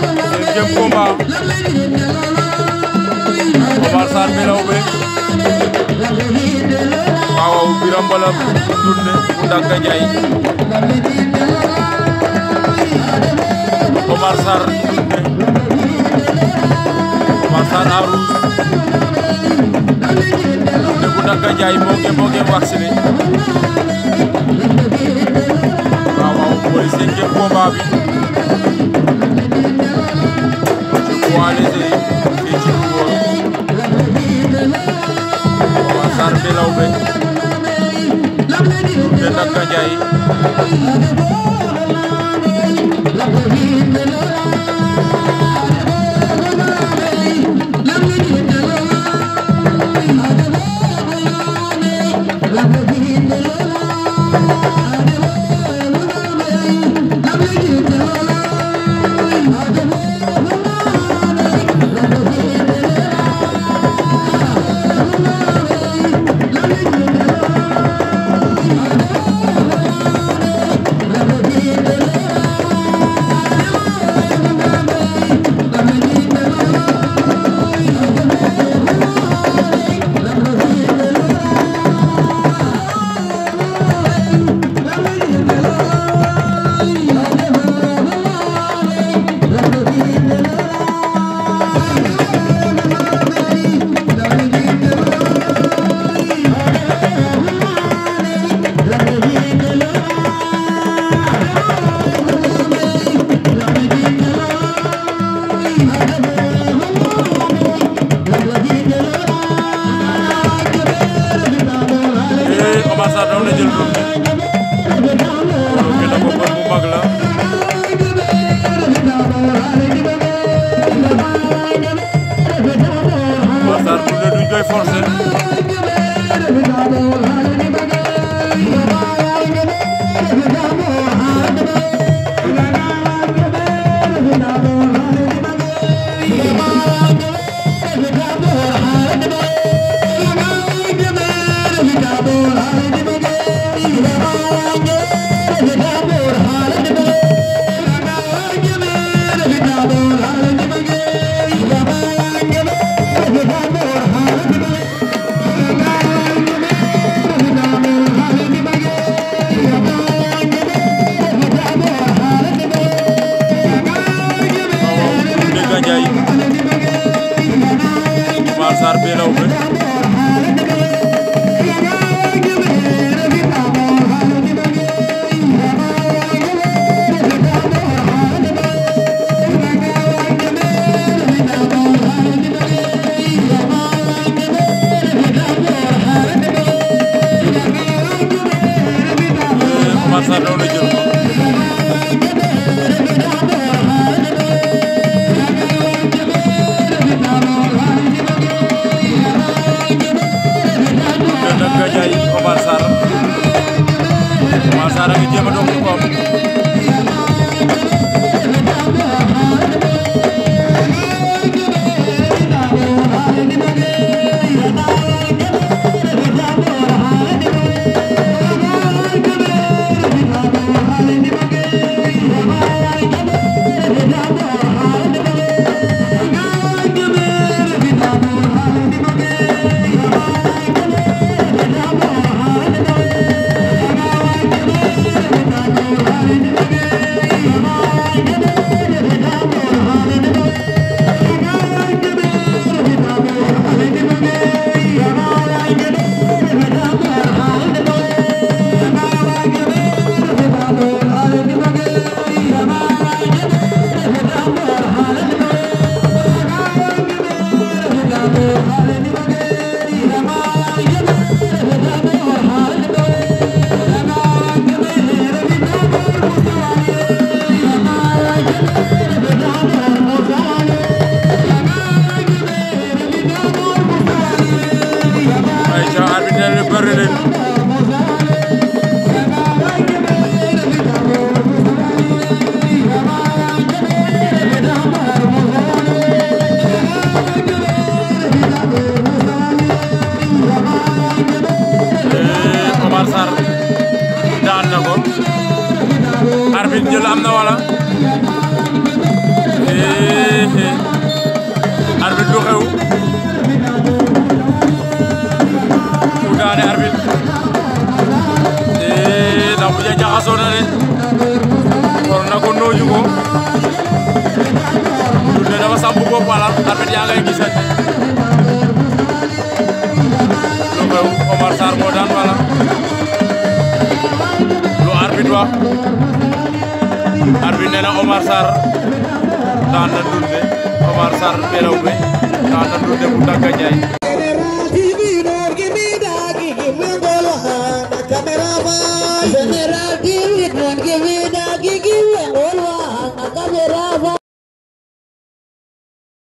deuxième combat Omar Sarr Mbelawbe waaw Birame Bala Dundé bu Ndaka Ndiaye Omar Sarr Dundé Omar Sarr Arousse Dundé bu Ndaka Ndiaye moo ngi moo ngi vacciné waaw waaw mooy cinquième combat bi Oh, Hare Rama jéem a doon ko am Ousmane Sarr daan na ko arbitre jël am na wala eh, eh. arbitre lu xew ku eh, ja jaxasoo na na ko nooju ko ne dafa samp bopp alal arbitre yaa ngay gisat lu xew Omar Sarr moo daan wala ba ar Omar Sarr daan na Omar Sarr Beelawbe daan na bu Dagga Ndiaye